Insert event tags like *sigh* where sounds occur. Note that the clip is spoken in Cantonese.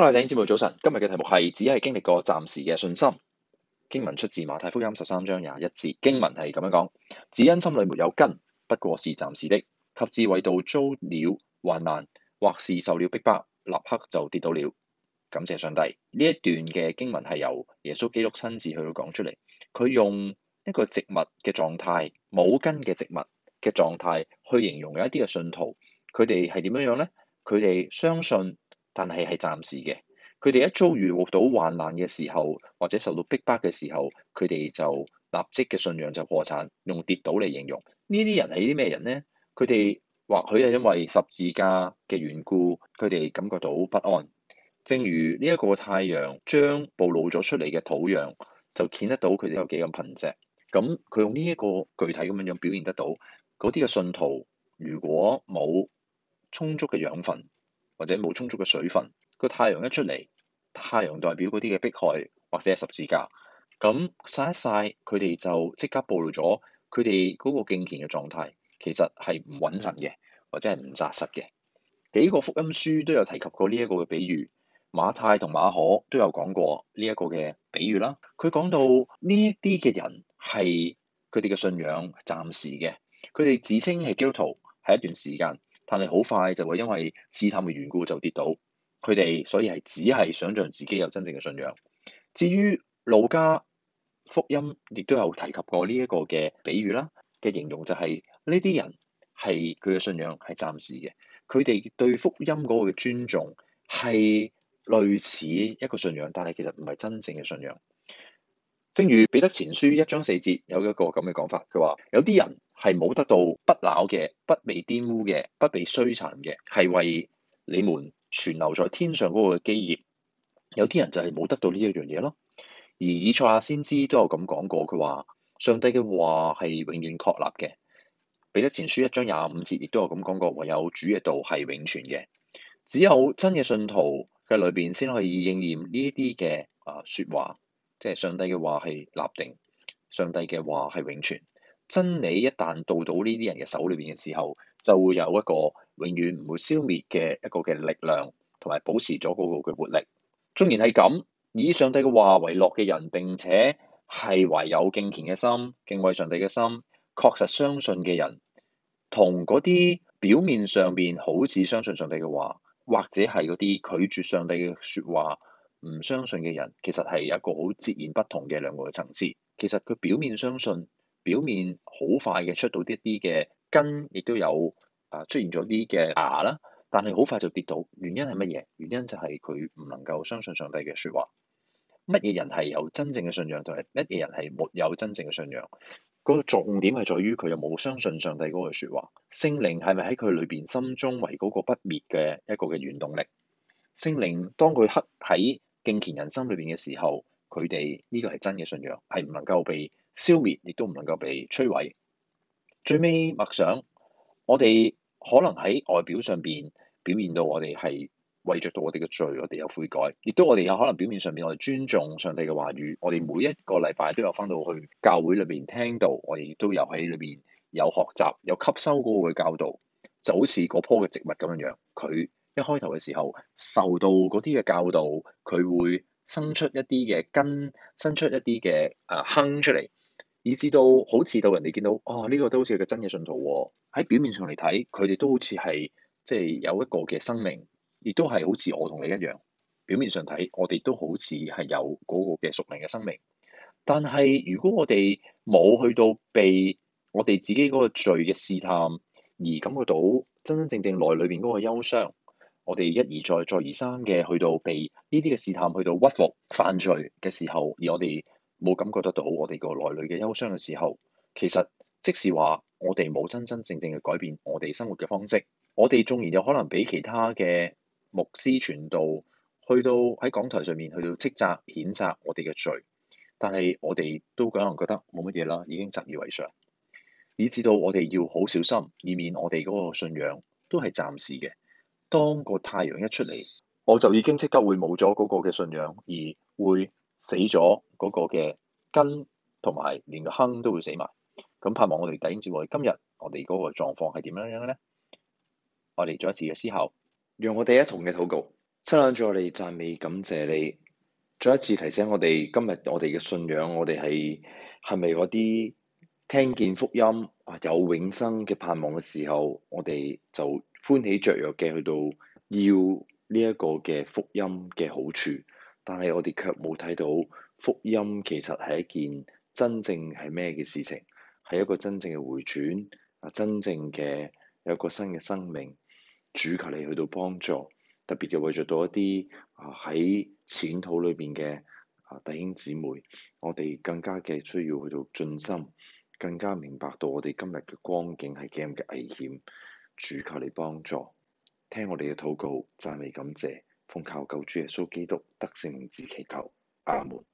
《各位聽》節目早晨，今日嘅題目係只係經歷過暫時嘅信心。經文出自《馬太福音》十三章廿一節，經文係咁樣講：， *noise* 只因心裏沒有根，不過是暫時的；，及至為道遭了患難，或是受了逼迫，立刻就跌倒了。感謝上帝，呢一段嘅經文係由耶穌基督親自去到講出嚟。佢用一個植物嘅狀態，冇根嘅植物嘅狀態，去形容有一啲嘅信徒，佢哋係點樣樣咧？佢哋相信。但係係暫時嘅，佢哋一遭遇到患難嘅時候，或者受到逼迫嘅時候，佢哋就立即嘅信仰就破產。用跌倒嚟形容呢啲人係啲咩人咧？佢哋或許係因為十字架嘅緣故，佢哋感覺到不安。正如呢一個太陽將暴露咗出嚟嘅土壤，就見得到佢哋有幾咁貧瘠。咁佢用呢一個具體咁樣樣表現得到，嗰啲嘅信徒如果冇充足嘅養分。或者冇充足嘅水分，個太陽一出嚟，太陽代表嗰啲嘅迫害或者十字架，咁晒一晒，佢哋就即刻暴露咗佢哋嗰個敬虔嘅狀態，其實係唔穩陣嘅，或者係唔紮實嘅。幾個福音書都有提及過呢一個嘅比喻，馬太同馬可都有講過呢一個嘅比喻啦。佢講到呢一啲嘅人係佢哋嘅信仰暫時嘅，佢哋自稱係基督徒，係一段時間。但係好快就會因為試探嘅緣故就跌倒，佢哋所以係只係想像自己有真正嘅信仰。至於路加福音，亦都有提及過呢一個嘅比喻啦嘅形容，就是，就係呢啲人係佢嘅信仰係暫時嘅，佢哋對福音嗰個嘅尊重係類似一個信仰，但係其實唔係真正嘅信仰。正如彼得前書一章四節有一個咁嘅講法，佢話有啲人。係冇得到不朽嘅、不被玷污嘅、不被摧殘嘅，係為你們存留在天上嗰個基業。有啲人就係冇得到呢一樣嘢咯。而以賽亞先知都有咁講過，佢話上帝嘅話係永遠確立嘅。彼得前書一章廿五節亦都有咁講過，唯有主嘅道係永存嘅。只有真嘅信徒嘅裏邊先可以應驗呢一啲嘅啊說話，即係上帝嘅話係立定，上帝嘅話係永存。真理一旦到到呢啲人嘅手裏邊嘅時候，就會有一個永遠唔會消滅嘅一個嘅力量，同埋保持咗嗰個嘅活力。縱然係咁，以上帝嘅話為樂嘅人，並且係懷有敬虔嘅心、敬畏上帝嘅心，確實相信嘅人，同嗰啲表面上邊好似相信上帝嘅話，或者係嗰啲拒絕上帝嘅說話唔相信嘅人，其實，係有一個好截然不同嘅兩個嘅層次。其實，佢表面相信。表面好快嘅出到啲一啲嘅根，亦都有啊出現咗啲嘅芽啦，但係好快就跌倒。原因係乜嘢？原因就係佢唔能夠相信上帝嘅說話。乜嘢人係有真正嘅信仰，同埋乜嘢人係沒有真正嘅信仰？個重點係在於佢有冇相信上帝嗰句說話。聖靈係咪喺佢裏邊心中為嗰個不滅嘅一個嘅原動力？聖靈當佢刻喺敬虔人心裏邊嘅時候。佢哋呢個係真嘅信仰，係唔能夠被消滅，亦都唔能夠被摧毀。最尾默想，我哋可能喺外表上邊表現到我哋係為着到我哋嘅罪，我哋有悔改，亦都我哋有可能表面上邊我哋尊重上帝嘅話語，我哋每一個禮拜都有翻到去教會裏邊聽到，我哋都有喺裏邊有學習有吸收嗰個教導，就好似嗰棵嘅植物咁樣樣，佢一開頭嘅時候受到嗰啲嘅教導，佢會。生出一啲嘅根，生出一啲嘅誒坑出嚟，以至到好似到人哋見到，哦呢、這個都好似個真嘅信徒喎，哦。喺表面上嚟睇，佢哋都好似係即係有一個嘅生命，亦都係好似我同你一樣。表面上睇，我哋都好似係有嗰個嘅屬靈嘅生命。但係如果我哋冇去到被我哋自己嗰個罪嘅試探，而感覺到真真正正內裏邊嗰個憂傷。我哋一而再、再而三嘅去到被呢啲嘅試探，去到屈服犯罪嘅時候，而我哋冇感覺得到我哋個內裏嘅憂傷嘅時候，其實即係話我哋冇真真正正嘅改變我哋生活嘅方式，我哋縱然有可能俾其他嘅牧師傳道，去到喺講台上面去到斥責、譴責我哋嘅罪，但係我哋都可能覺得冇乜嘢啦，已經習以為常，以至到我哋要好小心，以免我哋嗰個信仰都係暫時嘅。當個太陽一出嚟，我就已經即刻會冇咗嗰個嘅信仰，而會死咗嗰個嘅根，同埋連個坑都會死埋。咁盼望我哋弟兄姊妹，今日我哋嗰個狀況係點樣樣嘅咧？我哋再一次嘅思考，讓我哋一同嘅禱告，親近咗我哋讚美感謝你。再一次提醒我哋，今日我哋嘅信仰，我哋係係咪嗰啲？是聽見福音啊，有永生嘅盼望嘅時候，我哋就歡喜雀躍嘅去到要呢一個嘅福音嘅好處，但係我哋卻冇睇到福音其實係一件真正係咩嘅事情，係一個真正嘅回轉啊，真正嘅有一個新嘅生命，主求你去到幫助，特別嘅為咗到一啲啊喺淺土裏邊嘅啊弟兄姊妹，我哋更加嘅需要去到盡心。更加明白到我哋今日嘅光景係咁嘅危險，主求你幫助，聽我哋嘅禱告，讚美感謝，奉靠救主耶穌基督得勝，靈，自祈求，阿門。